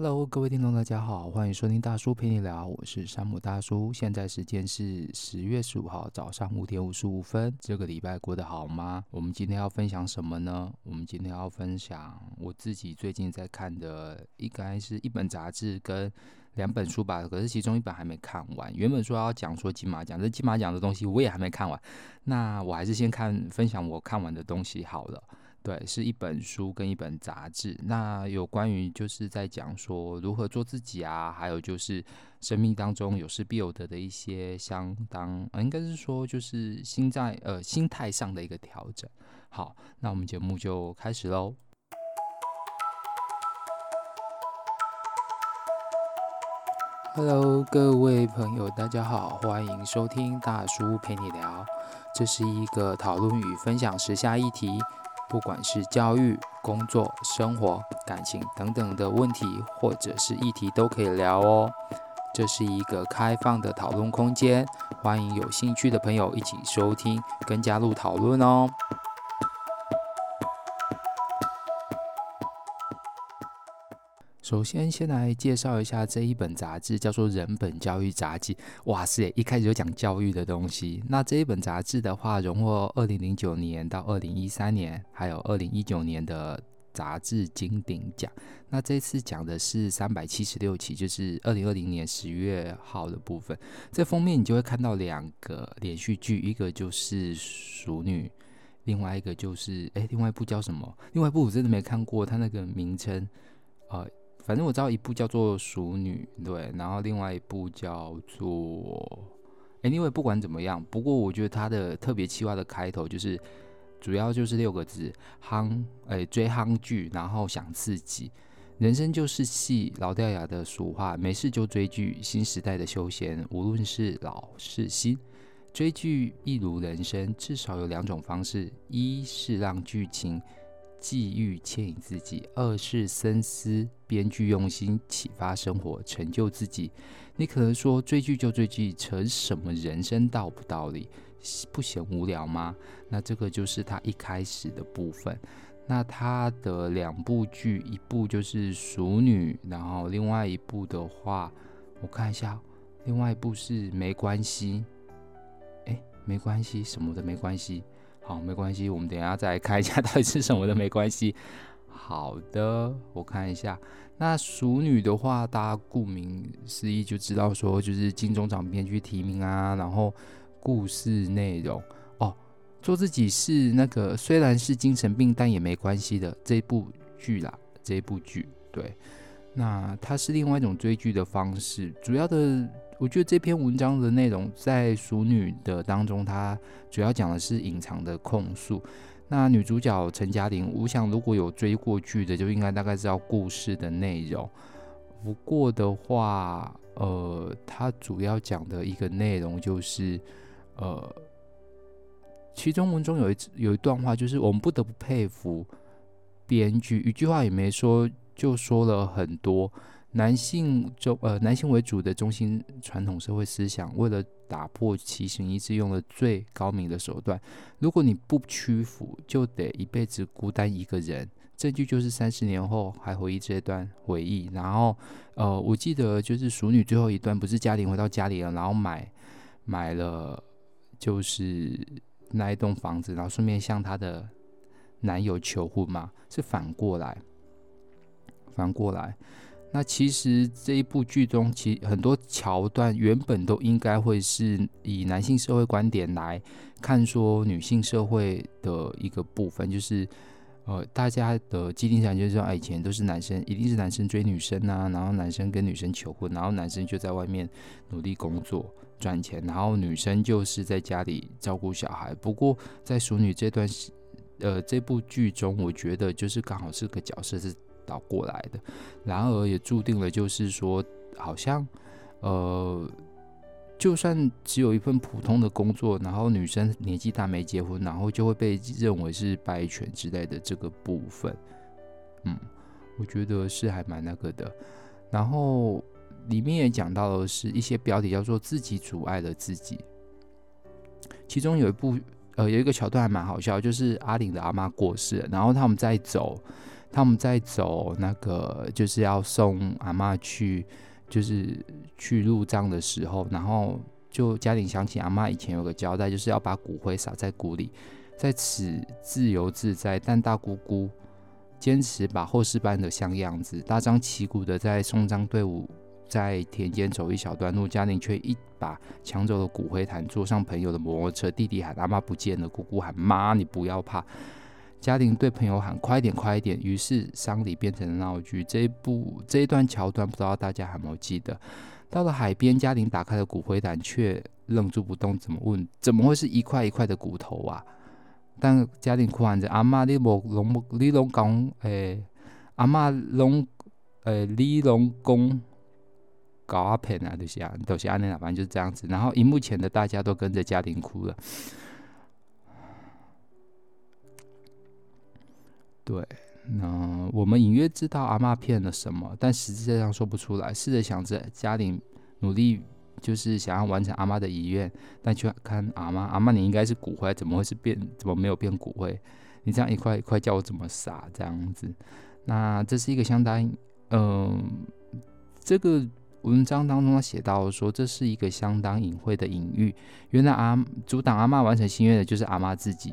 Hello，各位聽眾，大家好，歡迎收聽大叔陪你聊，我是山姆大叔。現在時間是十月十五號早上五點五十五分。這個禮拜過得好嗎？我們今天要分享什麼呢？我們今天要分享我自己最近在看的，應該是一本雜誌跟兩本書吧。可是其中一本還沒看完。原本說要講說金馬獎，這金馬獎的東西我也還沒看完。那我還是先看分享我看完的東西好了。對，是一本書跟一本雜誌。那有關於就是在講說如何做自己啊，還有就是生命當中有失必有得的一些相當，應該是說就是心在呃心態上的一個調整。好，那我們節目就開始嘍。Hello，各位朋友，大家好，歡迎收聽大叔陪你聊，這是一個討論與分享時下議題，不管是教育、工作、生活、感情等等的問題，或者是議題，都可以聊哦。這是一個開放的討論空間，歡迎有興趣的朋友一起收聽，跟加入討論哦。首先，先來介紹一下這一本雜誌，叫做《人本教育札記》。哇塞，一開始就講教育的東西。那這一本雜誌的話，榮獲二零零九年到二零一三年，還有二零一九年的雜誌金鼎獎。那這次講的是三百七十六期，就是二零二零年十月號的部分。在封面，你就會看到兩個連續劇，一個就是《熟女》，另外一個就是……哎、欸，另外一部叫什麼？另外一部我真的沒看過，它那個名稱，呃。反正我知道一部叫做《淑女》，對，然後另外一部叫做…… Anyway 不管怎麼樣，不過我覺得它的特別企劃的開頭就是，主要就是六個字：夯，哎，追夯劇，然後想刺激。人生就是戲，老掉牙的俗話，沒事就追劇。新時代的休閒，無論是老是新，追劇一如人生，至少有兩種方式：一是讓劇情。際遇牽引自己，二是深思編劇用心啟發生活成就自己。你可能說追劇就追劇，成什麼人生道不道理，不嫌無聊嗎？那這個就是他一開始的部分。那他的兩部劇，一部就是《熟女》，然後另外一部的話，我看一下，另外一部是《沒關係》，哎，沒關係，什麼的沒關係。好、哦，沒關係，我們等一下再來看一下到底是什麼的，沒關係。好的，我看一下。那熟女的話，大家顧名思義就知道說，就是金鐘獎編劇提名啊，然後故事內容哦，做自己是那個雖然是精神病，但也沒關係的這部劇啦，這部劇。對，那它是另外一種追劇的方式，主要的。我覺得這篇文章的內容在《俗女》的當中，它主要講的是隱藏的控訴。那女主角陳嘉玲，我想如果有追過劇的，就應該大概知道故事的內容。不過的話，呃，它主要講的一個內容就是，呃，其中文中有一有一段話，就是我們不得不佩服編劇，一句話也沒說，就說了很多。男性中，呃，男性為主的中心傳統社會思想，為了打破其形一致，用了最高明的手段。如果你不屈服，就得一輩子孤單一個人。證據就是三十年後還回憶這段回憶。然後，呃，我記得就是熟女最後一段，不是家庭回到家裡了，然後買買了就是那一棟房子，然後順便向她的男友求婚嘛？是反過來，反過來。那其實這一部劇中，其很多橋段原本都應該會是以男性社會觀點來看，說女性社會的一個部分，就是呃，大家的既定想像就是說，哎，以前都是男生，一定是男生追女生啊，然後男生跟女生求婚，然後男生就在外面努力工作賺錢，然後女生就是在家裡照顧小孩。不過在熟女這段，呃，這部劇中，我覺得就是剛好是個角色是。倒過來的，然而也注定了，就是說，好像，呃，就算只有一份普通的工作，然後女生年紀大沒結婚，然後就會被認為是敗犬之類的這個部分，嗯，我覺得是還蠻那個的。然後裡面也講到的是一些標題叫做“自己阻礙了自己”，其中有一部，呃，有一個橋段還蠻好笑，就是阿玲的阿媽過世，然後他們在走。他們在走那個就是要送阿媽去，就是去入葬的時候，然後就嘉玲想起阿媽以前有個交代，就是要把骨灰撒在谷裡，在此自由自在。但大姑姑堅持把後事辦的像樣子，大張旗鼓的在送葬隊伍在田間走一小段路，嘉玲卻一把搶走了骨灰罈，坐上朋友的摩托車。弟弟喊阿媽不見了，姑姑喊媽，你不要怕。嘉玲對朋友喊：“快點，快一點！”於是喪禮變成了鬧劇。這一部這一段橋段不知道大家還沒有記得？到了海邊，嘉玲打開了骨灰壇，卻愣住不動。怎麼問？怎麼會是一塊一塊的骨頭啊？但嘉玲哭喊着：“阿嬤，你莫儂，你儂講誒，阿嬤儂誒，你儂講搞阿平啊？就是啊，就是安尼啊，反正就是這樣子。”然後，熒幕前的大家都跟着嘉玲哭了。對，那我們隱約知道阿嬤騙了什麼，但實際上說不出來。試着想在家裡努力，就是想要完成阿嬤的遺願。但去看阿嬤，阿嬤你應該是骨灰，怎麼會是變？怎麼沒有變骨灰？你這樣一塊一塊叫我怎麼撒？這樣子。那這是一個相當……嗯、呃，這個文章當中他寫到說，這是一個相當隱晦的隱喻。原來阿阻擋阿嬤完成心願的就是阿嬤自己。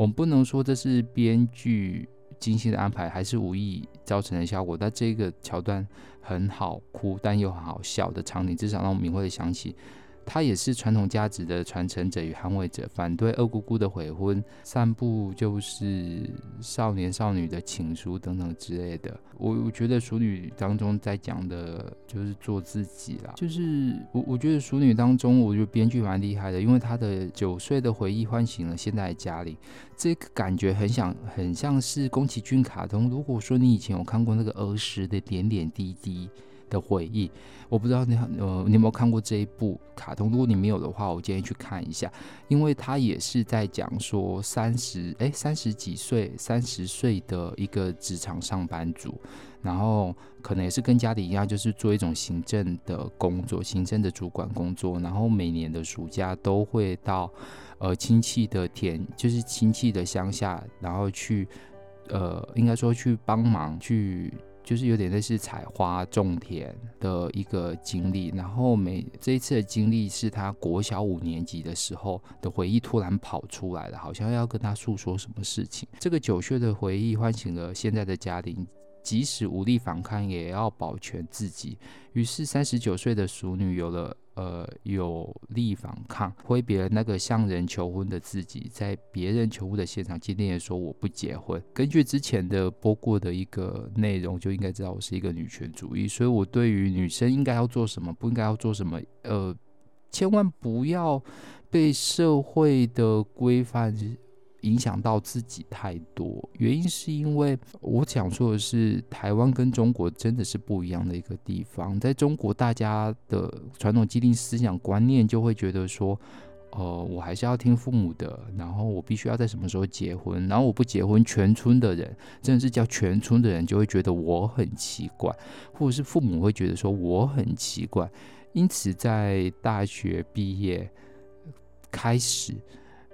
我們不能說，這是編劇精心的安排，還是無意造成的效果，但這個橋段很好哭，但又很好笑的場景，至少讓我們明慧的想起，他也是傳統價值的傳承者與捍衛者，反對二姑姑的悔婚，散步就是少年少女的情書等等之類的。我我覺得《熟女》當中在講的就是做自己啦，就是我我覺得《熟女》當中，我覺得編劇蠻厲害的，因為他的九歲的回憶喚醒了現在的嘉玲。這個感覺很想很像是宮崎駿卡通。如果說你以前有看過那個兒時的點點滴滴，的回憶，我不知道你呃，你有沒有看過這一部卡通？如果你沒有的話，我建議去看一下，因為他也是在講說三十誒，三十幾歲三十歲的一個職場上班族，然後可能也是跟家裡一樣，就是做一種行政的工作，行政的主管工作，然後每年的暑假都會到呃親戚的田，就是親戚的鄉下，然後去呃應該說去幫忙去。就是有點類似採花種田的一個經歷，然後每這一次的經歷是他國小五年級的時候的回憶突然跑出來了，好像要跟他訴說什麼事情。這個九歲的回憶喚醒了現在的家庭，即使無力反抗，也要保全自己。於是三十九歲的熟女有了。呃，有力反抗，揮別了那個向人求婚的自己，在別人求婚的現場，今天也說我不結婚。根據之前的播過的一個內容，就應該知道我是一個女權主義，所以我對於女生應該要做什麼，不應該要做什麼，呃，千萬不要被社會的規範。影響到自己太多，原因是因為我想說的是，台灣跟中國真的是不一樣的一個地方。在中國，大家的傳統既定思想觀念就會覺得說，呃，我還是要聽父母的，然後我必須要在什麼時候結婚，然後我不結婚，全村的人，真的是叫全村的人，就會覺得我很奇怪，或者是父母會覺得說我很奇怪。因此，在大學畢業開始。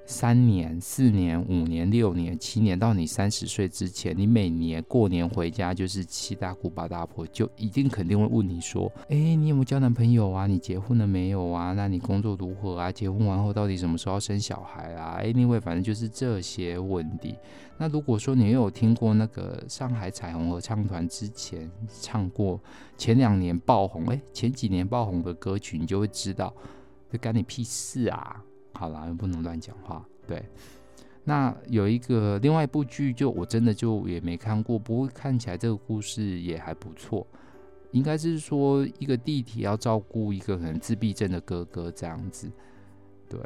三年、四年、五年、六年、七年，到你三十歲之前，你每年過年回家就是七大姑八大婆，就一定肯定會問你說：“哎、欸，你有沒有交男朋友啊？你結婚了沒有啊？那你工作如何啊？結婚完後到底什麼時候要生小孩啊？”哎，因為反正就是這些問題。那如果說你有聽過那個上海彩虹合唱團之前唱過前兩年爆紅、哎、欸、前幾年爆紅的歌曲，你就會知道，這干你屁事啊！好啦，不能亂講話。對，那有一個另外一部劇就，就我真的就也沒看過，不過看起來這個故事也還不錯。應該是說一個弟弟要照顧一個很自閉症的哥哥這樣子。對，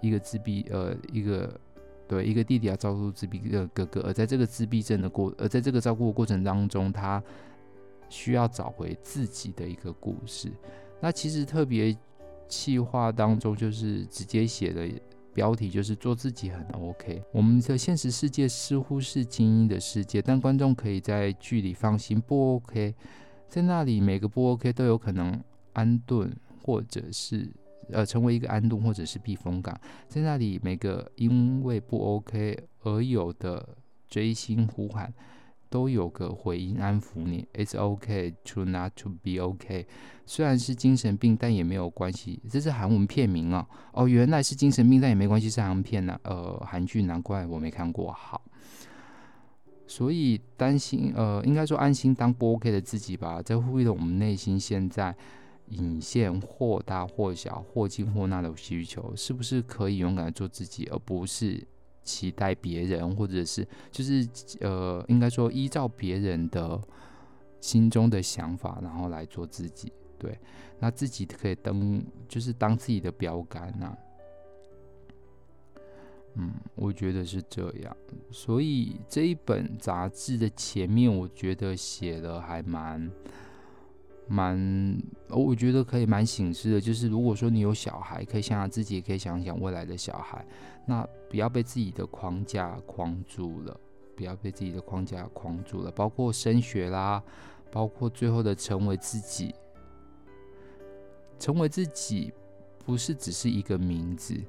一個自閉呃，一個對，一個弟弟要照顧自閉的哥哥，而在這個自閉症的過，而在這個照顧的過程當中，他需要找回自己的一個故事。那其實特別。企劃當中，就是直接寫的標題，就是做自己很 OK。我們的現實世界似乎是精英的世界，但觀眾可以在劇裡放心不 OK。在那裡，每個不 OK 都有可能安頓，或者是呃成為一個安頓或者是避風港。在那裡，每個因為不 OK 而有的追星呼喊，都有個回音，安撫你，It's okay to not to be okay。雖然是精神病，但也沒有關係。這是韓文片名啊！哦，原來是精神病，但也沒關係。是韓文片呢、啊？呃，韓劇，難怪我沒看過。好，所以擔心，呃，應該說安心當不 OK 的自己吧，在呼應我們內心現在隱現或大或小、或近或遠的需求，是不是可以勇敢做自己，而不是，期待別人，或者是就是呃，應該說依照別人的心中的想法，然後來做自己。對，那自己可以登就是當自己的標杆吶、啊。嗯，我覺得是這樣。所以這一本雜誌的前面，我覺得寫的還蠻蠻、哦，我覺得可以蠻醒世的。就是如果說你有小孩，可以想想自己，也可以想想未來的小孩。那不要被自己的框架框住了，不要被自己的框架框住了。包括升學啦，包括最後的成為自己，成為自己不是只是一個名字，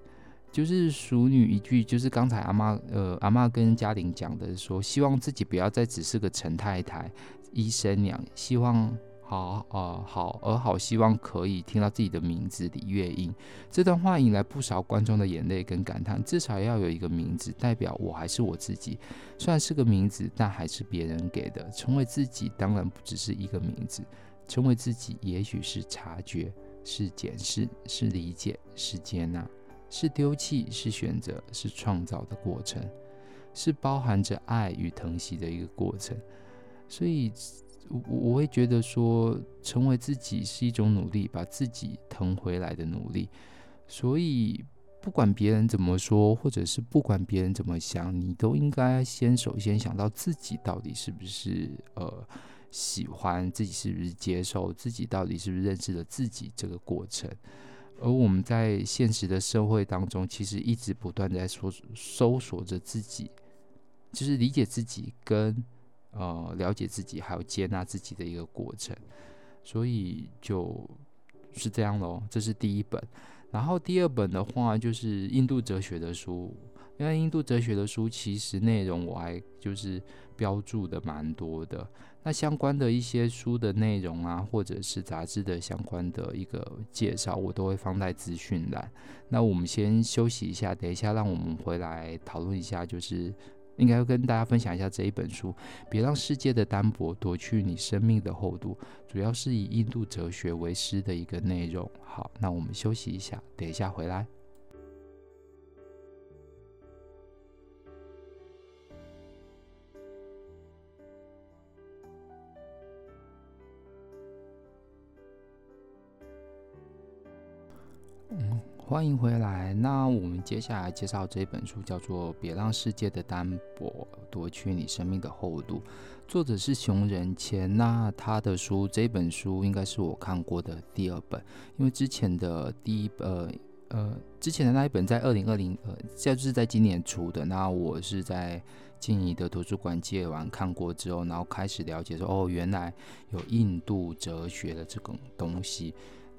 就是熟女一句，就是剛才阿媽呃阿媽跟嘉玲講的說，說希望自己不要再只是個陳太太、醫生娘，希望。好啊、呃，好，而好希望可以聽到自己的名字李月英。這段話引來不少觀眾的眼淚跟感嘆。至少要有一個名字，代表我還是我自己。雖然是個名字，但還是別人給的。成為自己，當然不只是一個名字。成為自己，也許是察覺，是檢視，是理解，是接納，是丟棄是，是選擇，是創造的過程，是包含着愛與疼惜的一個過程。所以。我我會覺得說，成為自己是一種努力，把自己騰回來的努力。所以不管別人怎麼說，或者是不管別人怎麼想，你都應該先首先想到自己到底是不是呃喜歡自己，是不是接受自己，到底是不是認識了自己這個過程。而我們在現實的社會當中，其實一直不斷地在搜索搜索着自己，就是理解自己跟。呃、嗯，了解自己還有接納自己的一個過程，所以就是這樣嘍。這是第一本，然後第二本的話就是印度哲學的書，因為印度哲學的書其實內容我還就是標注的蠻多的。那相關的一些書的內容啊，或者是雜誌的相關的一個介紹，我都會放在資訊欄。那我們先休息一下，等一下讓我們回來討論一下，就是。應該要跟大家分享一下這一本書，別讓世界的單薄奪去你生命的厚度，主要是以印度哲學為師的一個內容。好，那我們休息一下，等一下回來。歡迎回來。那我們接下來介紹這本書，叫做《別讓世界的單薄奪去你生命的厚度》。作者是熊仁謙。那他的書，這本書應該是我看過的第二本，因為之前的第一呃呃，之前的那一本在二零二零，呃，現在就是在今年出的。那我是在靜怡的圖書館借完看過之後，然後開始了解說，哦，原來有印度哲學的這種東西。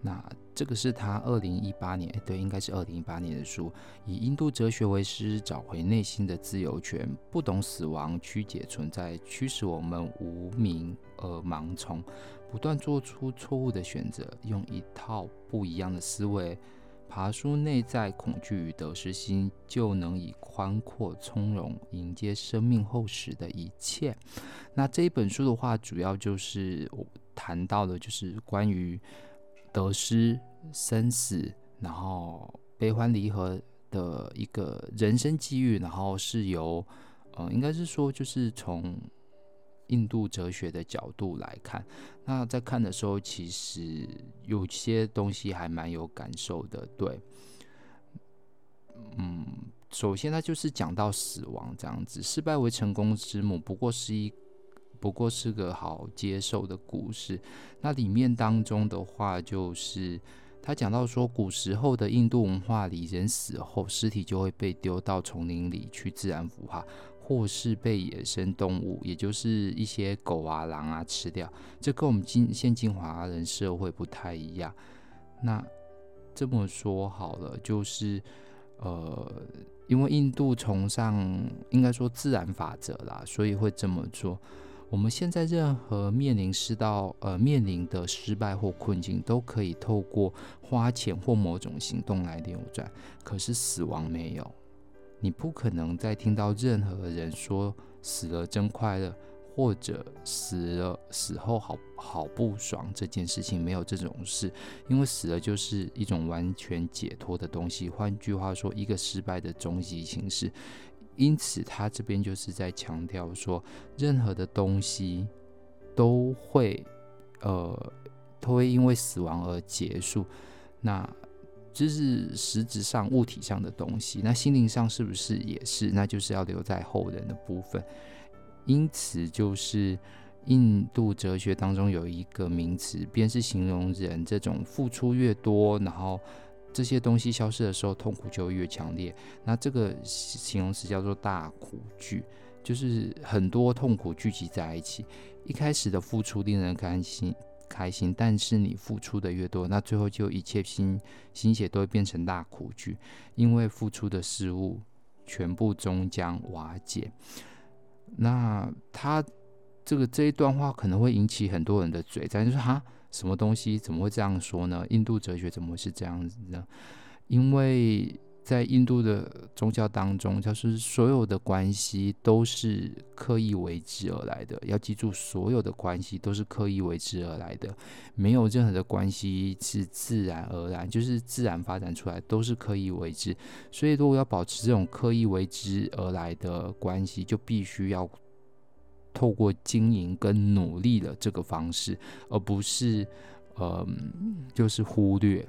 那這個是他二零一八年，欸、對，應該是二零一八年的書。以印度哲學為師，找回內心的自由權。不懂死亡，曲解存在，驅使我們無明而盲從，不斷做出錯誤的選擇。用一套不一樣的思維，爬出內在恐懼與得失心，就能以寬闊從容迎接生命厚實的一切。那這一本書的話，主要就是我談到的，就是關於。得失、生死，然後悲歡離合的一個人生際遇，然後是由，嗯、呃，應該是說，就是從印度哲學的角度來看，那在看的時候，其實有些東西還蠻有感受的。對，嗯，首先它就是講到死亡這樣子，失敗為成功之母，不過是一。不過是個好接受的故事。那裡面當中的話，就是他講到說，古時候的印度文化裡，人死後屍體就會被丟到叢林裡去自然腐化，或是被野生動物，也就是一些狗啊、狼啊吃掉。這跟我們今現今華人社會不太一樣。那這麼說好了，就是呃，因為印度崇尚應該說自然法則啦，所以會這麼做。我們現在任何面臨世道，呃，面臨的失敗或困境，都可以透過花錢或某種行動來扭轉。可是死亡沒有，你不可能再聽到任何人說死了真快樂，或者死了死後好好不爽這件事情沒有這種事，因為死了就是一種完全解脫的東西。換句話說，一個失敗的終極形式。因此，他這邊就是在強調說，任何的東西都會，呃，都會因為死亡而結束。那這是實質上、物體上的東西，那心靈上是不是也是？那就是要留在後人的部分。因此，就是印度哲學當中有一個名詞，便是形容人這種付出越多，然後。這些東西消失的時候，痛苦就越強烈。那這個形容詞叫做“大苦聚”，就是很多痛苦聚集在一起。一開始的付出令人開心開心，但是你付出的越多，那最後就一切心、心血都會變成大苦聚，因為付出的事物全部終將瓦解。那他這個這一段話可能會引起很多人的嘴戰，在、就、說、是：“哈。”什麼東西怎麼會這樣說呢？印度哲學怎麼會是這樣子呢？因為在印度的宗教當中，就是所有的關係都是刻意為之而來的。要記住，所有的關係都是刻意為之而來的，沒有任何的關係是自然而然，就是自然發展出來，都是刻意為之。所以，如果要保持這種刻意為之而來的關係，就必須要。透過經營跟努力的這個方式，而不是，嗯、呃，就是忽略，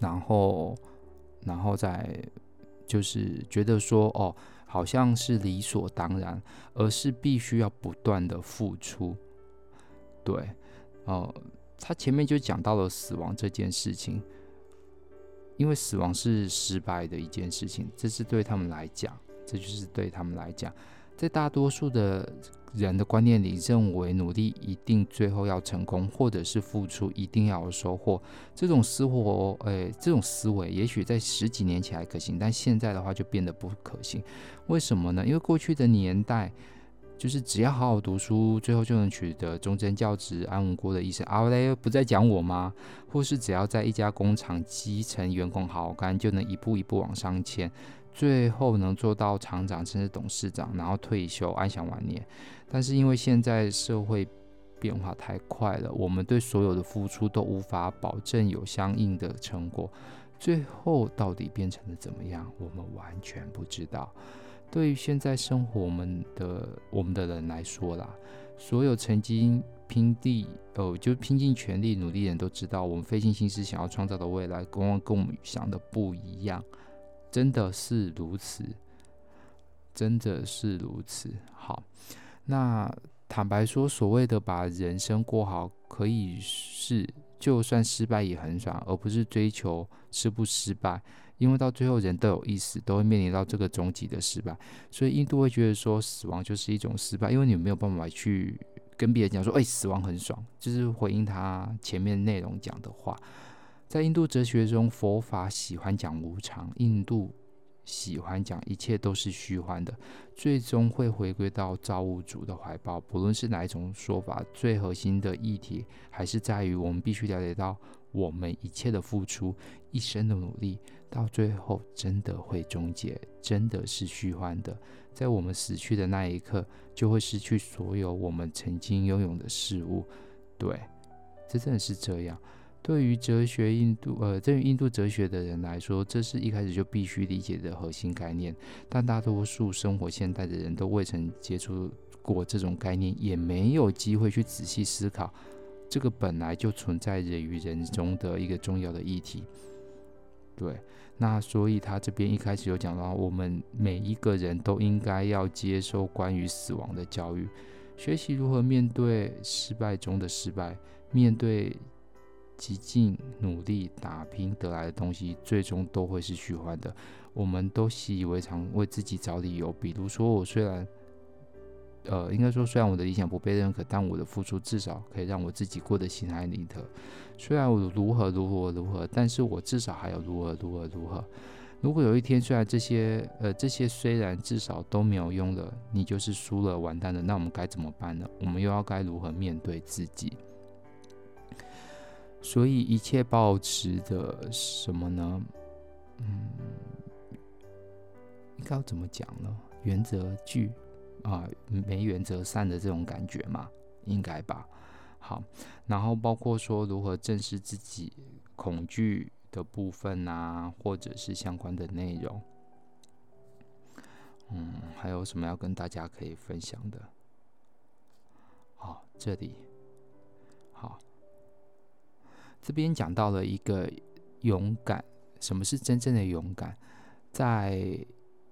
然後，然後再就是覺得說，哦，好像是理所當然，而是必須要不斷的付出。對，呃，他前面就講到了死亡這件事情，因為死亡是失敗的一件事情，這是對他們來講，這就是對他們來講。在大多數的人的觀念裡，認為努力一定最後要成功，或者是付出一定要有收穫。這種生活，誒、哎，這種思維，也許在十幾年前還可行，但現在的話就變得不可行。為什麼呢？因為過去的年代，就是只要好好讀書，最後就能取得終身教職、安穩過的一生。阿維爾不再講我嗎？或是只要在一家工廠基層員工好好幹，就能一步一步往上遷。最後能做到廠長，甚至董事長，然後退休安享晚年。但是因為現在社會變化太快了，我們對所有的付出都無法保證有相應的成果。最後到底變成了怎麼樣？我們完全不知道。對於現在生活我們的我們的人來說啦，所有曾經拼地呃就拼盡全力努力的人都知道，我們費盡心思想要創造的未來，往往跟我們想的不一樣。真的是如此，真的是如此。好，那坦白說，所謂的把人生過好，可以是就算失敗也很爽，而不是追求失不失敗，因為到最後人都有意思，都會面臨到這個終極的失敗。所以印度會覺得說，死亡就是一種失敗，因為你有沒有辦法去跟別人講說，哎、欸，死亡很爽，就是回應他前面內容講的話。在印度哲學中，佛法喜歡講無常；印度喜歡講一切都是虛幻的，最終會回歸到造物主的懷抱。不論是哪一種說法，最核心的議題還是在於我們必須了解到，我們一切的付出、一生的努力，到最後真的會終結，真的是虛幻的。在我們死去的那一刻，就會失去所有我們曾經擁有的事物。對，這真的是這樣。對於哲學印度，呃，對於印度哲學的人來說，這是一開始就必須理解的核心概念。但大多數生活現代的人都未曾接觸過這種概念，也沒有機會去仔細思考這個本來就存在人與人中的一個重要的議題。對，那所以他這邊一開始有講到，我們每一個人都應該要接受關於死亡的教育，學習如何面對失敗中的失敗，面對。極盡努力打拼得來的東西，最終都會是虛幻的。我們都習以為常，為自己找理由。比如說，我雖然，呃，應該說雖然我的理想不被認可，但我的付出至少可以讓我自己過得心安理得。雖然我如何如何如何，但是我至少還有如何如何如何。如果有一天，雖然這些，呃，這些雖然至少都沒有用了，你就是輸了完蛋了，那我們該怎麼辦呢？我們又要該如何面對自己？所以一切保持着什麼呢？嗯，應該要怎麼講呢？緣則聚啊，沒緣則散的這種感覺嘛，應該吧。好，然後包括說如何正視自己恐懼的部分啊，或者是相關的內容。嗯，還有什麼要跟大家可以分享的？好，這裡。好。這邊講到了一個勇敢，什麼是真正的勇敢？在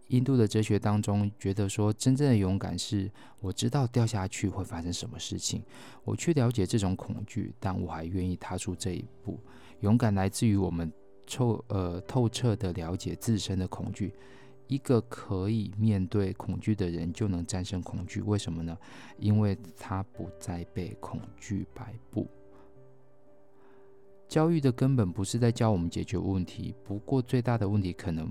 印度的哲學當中，覺得說真正的勇敢是，我知道掉下去會發生什麼事情，我去了解這種恐懼，但我還願意踏出這一步。勇敢來自於我們透呃透徹地了解自身的恐懼，一個可以面對恐懼的人就能戰勝恐懼。為什麼呢？因為他不再被恐懼擺布。教育的根本不是在教我們解決問題，不過最大的問題可能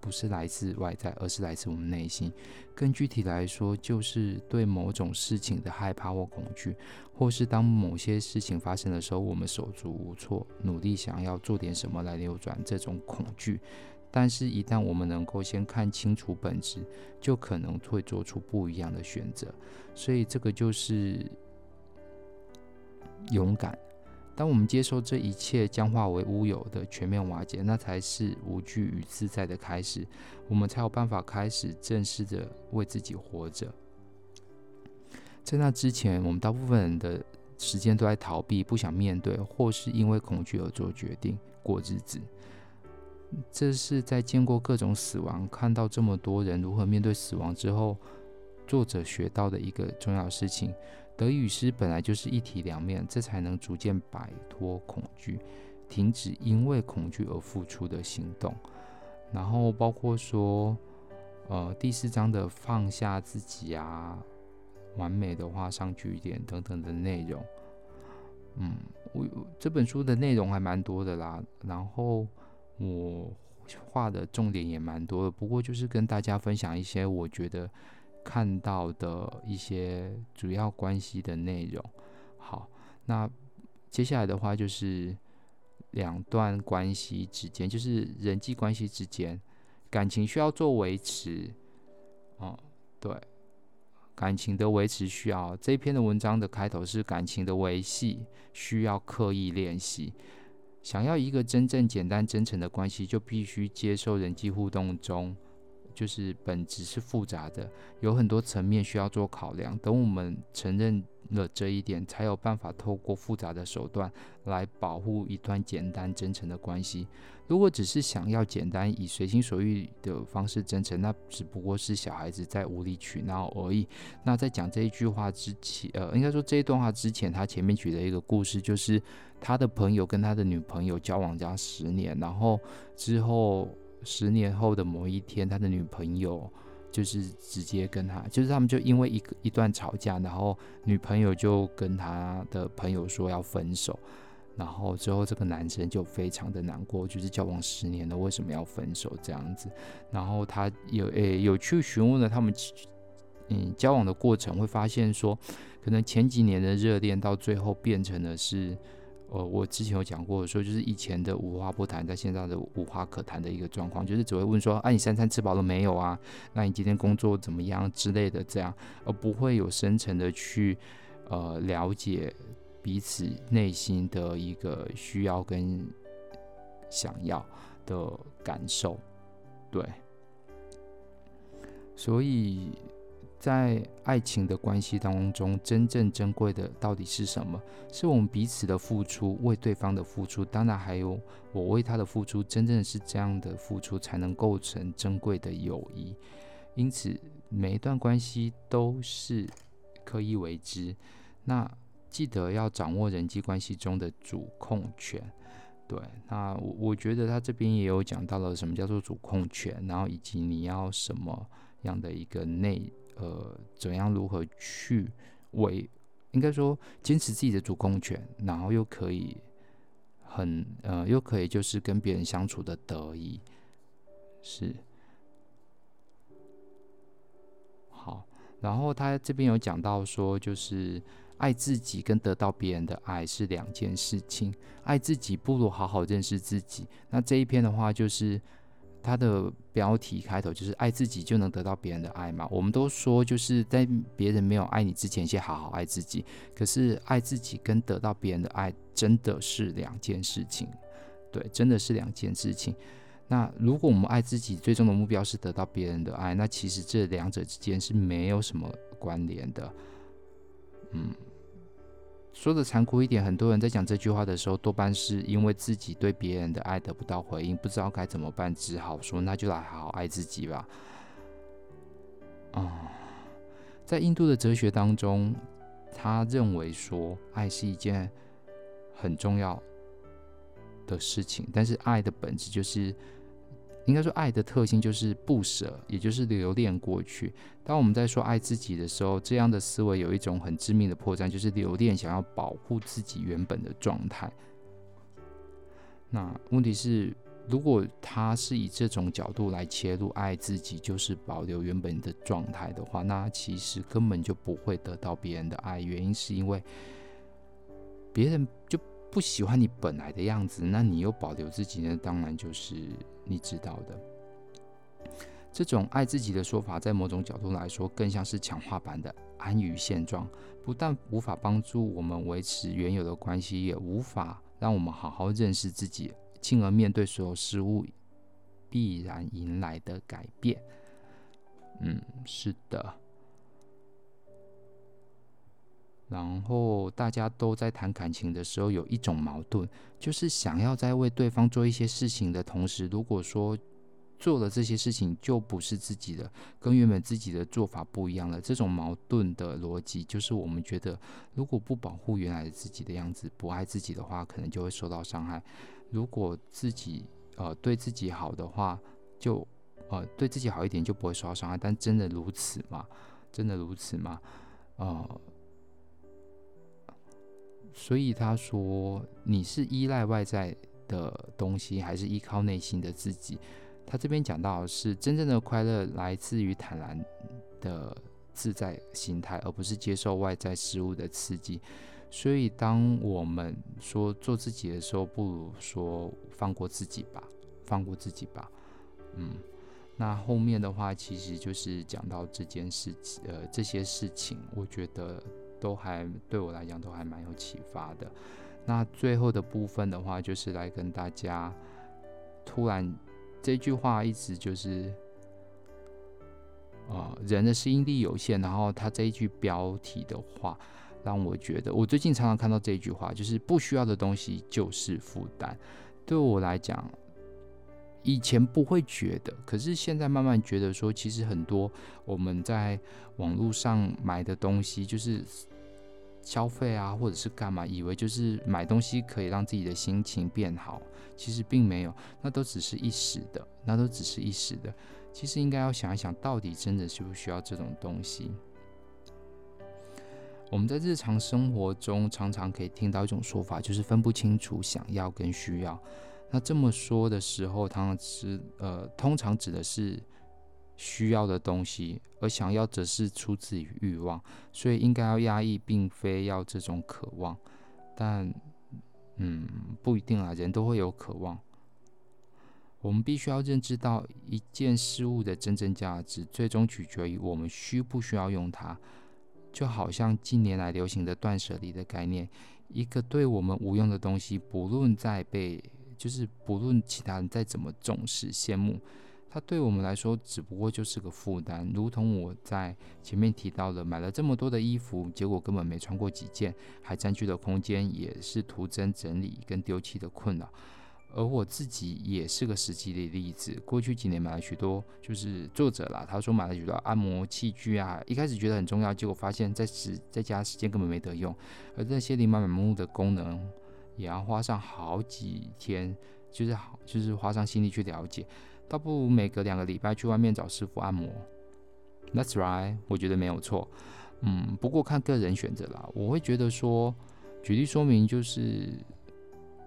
不是來自外在，而是來自我們內心。更具體來說，就是對某種事情的害怕或恐懼，或是當某些事情發生的時候，我們手足無措，努力想要做點什麼來扭轉這種恐懼。但是，一旦我們能夠先看清楚本質，就可能會做出不一樣的選擇。所以，這個就是。勇敢。當我們接受這一切將化為烏有的全面瓦解，那才是無懼與自在的開始。我們才有辦法開始正視着為自己活着。在那之前，我們大部分人的時間都在逃避，不想面對，或是因為恐懼而做決定，過日子。這是在見過各種死亡，看到這麼多人如何面對死亡之後，作者學到的一個重要事情。得與失本來就是一體兩面，這才能逐漸擺脫恐懼，停止因為恐懼而付出的行動。然後包括說，呃，第四章的放下自己啊，完美的畫上句點等等的內容。嗯，我這本書的內容還蠻多的啦。然後我畫的重點也蠻多的，不過就是跟大家分享一些我覺得。看到的一些主要關係的內容。好，那接下來的話就是兩段關係之間，就是人際關係之間，感情需要做維持。嗯，對，感情的維持需要。這篇的文章的開頭是感情的維繫需要刻意練習。想要一個真正簡單真誠的關係，就必須接受人際互動中。就是本質是複雜的，有很多層面需要做考量。等我們承認了這一點，才有辦法透過複雜的手段來保護一段簡單真誠的關係。如果只是想要簡單以隨心所欲的方式真誠，那只不過是小孩子在無理取鬧而已。那在講這一句話之前，呃，應該說這一段話之前，他前面舉的一個故事，就是他的朋友跟他的女朋友交往家十年，然後之後。十年後的某一天，他的女朋友就是直接跟他，就是他們就因為一個一段吵架，然後女朋友就跟他的朋友說要分手，然後之後這個男生就非常的難過，就是交往十年了，為什麼要分手這樣子？然後他有誒、欸、有去詢問了他們，嗯，交往的過程會發現說，可能前幾年的熱戀到最後變成的是。呃，我之前有講過，說就是以前的無話不談，在現在的無話可談的一個狀況，就是只會問說，哎、啊，你三餐吃飽了沒有啊？那你今天工作怎麼樣之類的，這樣，而不會有深層的去，呃，了解彼此內心的一個需要跟想要的感受，對，所以。在愛情的關係當中，真正珍貴的到底是什麼？是我們彼此的付出，為對方的付出，當然還有我為他的付出，真正是這樣的付出才能構成珍貴的友誼。因此，每一段關係都是刻意為之。那記得要掌握人際關係中的主控權。對，那我我覺得他這邊也有講到了什麼叫做主控權，然後以及你要什麼樣的一個內。呃，怎樣如何去為？應該說堅持自己的主控權，然後又可以很呃，又可以就是跟別人相處的得意，是好。然後他這邊有講到說，就是愛自己跟得到別人的愛是兩件事情，愛自己不如好好認識自己。那這一篇的話就是。它的標題開頭就是“愛自己就能得到別人的愛”嘛？我們都說就是在別人沒有愛你之前，先好好愛自己。可是愛自己跟得到別人的愛真的是兩件事情，對，真的是兩件事情。那如果我們愛自己，最終的目標是得到別人的愛，那其實這兩者之間是沒有什麼關聯的，嗯。說得殘酷一點，很多人在講這句話的時候，多半是因為自己對別人的愛得不到回應，不知道該怎麼辦，只好說那就來好好愛自己吧。啊、嗯，在印度的哲學當中，他認為說愛是一件很重要的事情，但是愛的本質就是。應該說，愛的特性就是不舍，也就是留戀過去。當我們在說愛自己的時候，這樣的思維有一種很致命的破綻，就是留戀，想要保護自己原本的狀態。那問題是，如果他是以這種角度來切入愛自己，就是保留原本的狀態的話，那其實根本就不會得到別人的愛，原因是因為別人。不喜歡你本來的樣子，那你又保留自己呢？當然就是你知道的。這種愛自己的說法，在某種角度來說，更像是強化版的安於現狀。不但無法幫助我們維持原有的關係，也無法讓我們好好認識自己，進而面對所有事物必然迎來的改變。嗯，是的。然後大家都在談感情的時候，有一種矛盾，就是想要在為對方做一些事情的同時，如果說做了這些事情就不是自己的，跟原本自己的做法不一樣了。這種矛盾的邏輯就是我們覺得，如果不保護原來的自己的樣子，不愛自己的話，可能就會受到傷害；如果自己呃對自己好的話，就呃對自己好一點就不會受到傷害。但真的如此嗎？真的如此嗎？呃。所以他說，你是依賴外在的東西，還是依靠內心的自己？他這邊講到的是真正的快樂來自於坦然的自在心態，而不是接受外在事物的刺激。所以當我們說做自己的時候，不如說放過自己吧，放過自己吧。嗯，那後面的話其實就是講到這件事情，呃，這些事情，我覺得。都還對我來講都還蠻有啟發的。那最後的部分的話，就是來跟大家，突然這句話一直就是，啊、呃，人的適應力有限。然後他這一句標題的話，讓我覺得我最近常常看到這句話，就是不需要的東西就是負擔。對我來講，以前不會覺得，可是現在慢慢覺得說，其實很多我們在網絡上買的東西，就是。消費啊，或者是幹嘛？以為就是買東西可以讓自己的心情變好，其實並沒有，那都只是一時的，那都只是一時的。其實應該要想一想，到底真的是不需要這種東西。我們在日常生活中常常可以聽到一種說法，就是分不清楚想要跟需要。那這麼說的時候，通常是，呃，通常指的是。需要的東西，而想要只是出自於慾望，所以應該要壓抑，並非要這種渴望。但，嗯，不一定啦，人都會有渴望。我們必須要認知到，一件事物的真正價值，最終取決於我們需不需要用它。就好像近年來流行的斷捨離的概念，一個對我們無用的東西，不論再被，就是不論其他人再怎麼重視、羨慕。它對我們來說只不過就是個負擔，如同我在前面提到的，買了這麼多的衣服，結果根本沒穿過幾件，還佔據了空間，也是徒增整理跟丟棄的困擾。而我自己也是個實際的例子，過去幾年買了許多，就是作者啦，他說買了許多按摩器具啊，一開始覺得很重要，結果發現在時在家時間根本沒得用，而這些琳瑯滿目的功能，也要花上好幾天，就是好就是花上心力去了解。倒不如每隔兩個禮拜去外面找師傅按摩。That's right，我覺得沒有錯。嗯，不過看個人選擇啦。我會覺得說，舉例說明就是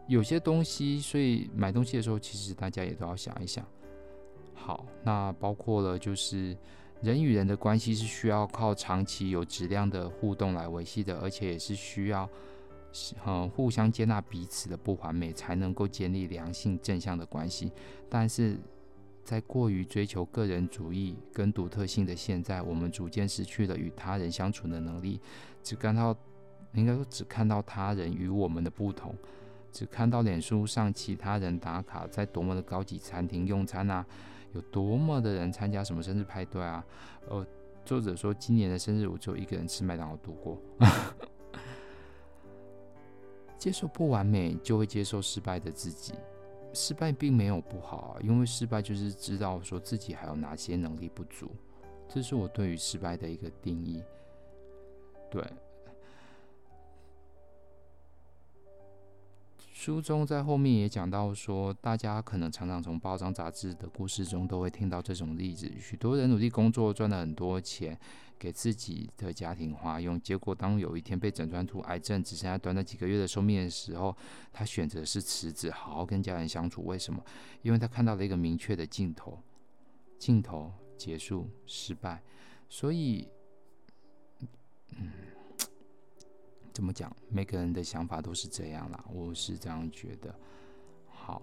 有些東西，所以買東西的時候，其實大家也都要想一想。好，那包括了就是人與人的關係是需要靠長期有質量的互動來維繫的，而且也是需要嗯互相接納彼此的不完美，才能夠建立良性正向的關係。但是。在過於追求個人主義跟獨特性的現在，我們逐漸失去了與他人相處的能力，只看到，應該說只看到他人與我們的不同，只看到臉書上其他人打卡在多麼的高級餐廳用餐啊，有多麼的人參加什麼生日派對啊。呃，作者說，今年的生日我只有一個人吃麥當勞度過。 接受不完美，就會接受失敗的自己。失敗並沒有不好，因為失敗就是知道說自己還有哪些能力不足，這是我對於失敗的一個定義。對，書中在後面也講到說，大家可能常常從報章雜誌的故事中都會聽到這種例子，許多人努力工作賺了很多錢，給自己的家庭花用，結果當有一天被診斷出癌症，只剩下短短幾個月的壽命的時候，他選擇是辭職，好好跟家人相處。為什麼？因為他看到了一個明確的盡頭，盡頭結束失敗，所以，嗯，怎麼講？每個人的想法都是這樣啦，我是這樣覺得。好，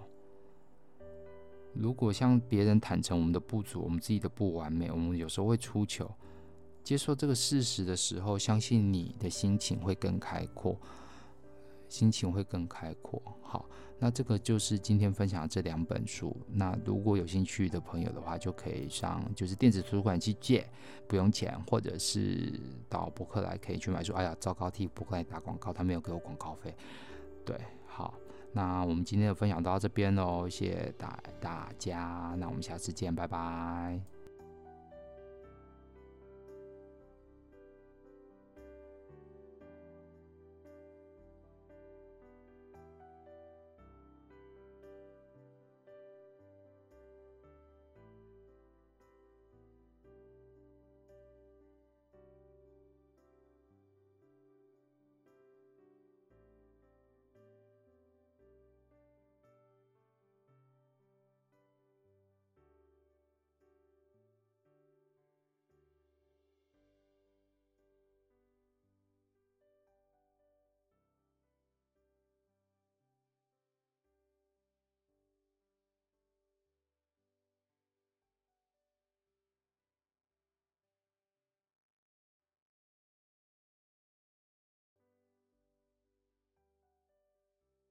如果向別人坦誠我們的不足，我們自己的不完美，我們有時候會出糗。接受這個事實的時候，相信你的心情會更開闊，心情會更開闊。好，那這個就是今天分享的這兩本書。那如果有興趣的朋友的話，就可以上就是電子圖書館去借，不用錢，或者是到博客來可以去買書。哎呀，糟糕，替博客來打廣告，他沒有給我廣告費。對，好，那我們今天的分享到這邊囉，謝謝大大家，那我們下次見，拜拜。